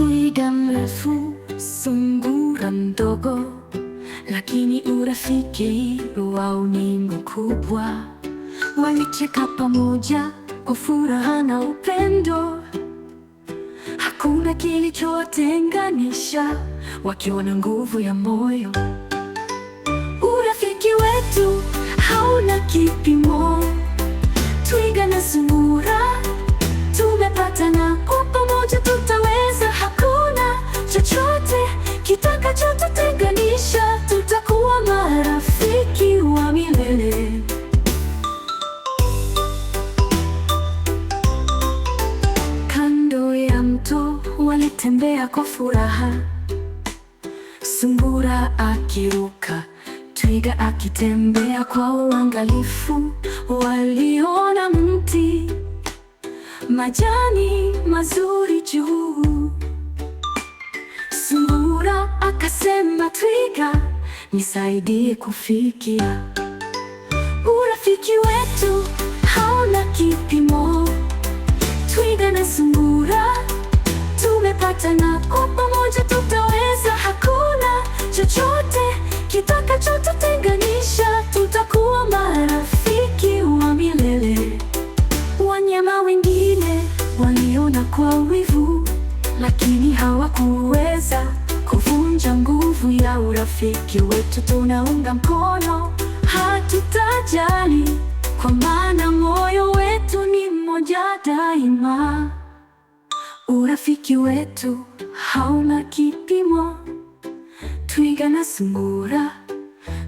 Twiga mrefu, sungura mdogo, lakini urafiki wao ni mkubwa. Walicheka pamoja kwa furaha na upendo, hakuna kilichotenganisha wakiwa na nguvu ya moyo. Urafiki wetu hauna kipimo. walitembea kwa furaha, sungura akiruka, twiga akitembea kwa uangalifu. Waliona mti majani mazuri juu, sungura akasema, twiga, nisaidie kufikia urafiki wetu. na kwa pamoja tutaweza. Hakuna chochote kitakachotutenganisha, tutakuwa marafiki wa milele. Wanyama wengine waliona kwa wivu, lakini hawakuweza kuvunja nguvu ya urafiki wetu. Tunaunga mkono, hatutajali, kwa maana moyo wetu ni mmoja daima. Urafiki wetu hauna kipimo. Twiga na sungura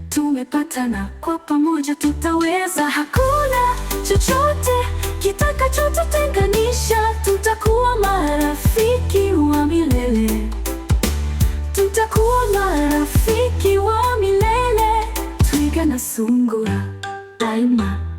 tumepatana, kwa pamoja tutaweza. Hakuna chochote kitakachotutenganisha, tutakuwa marafiki wa milele, tutakuwa marafiki wa milele, twiga na sungura daima.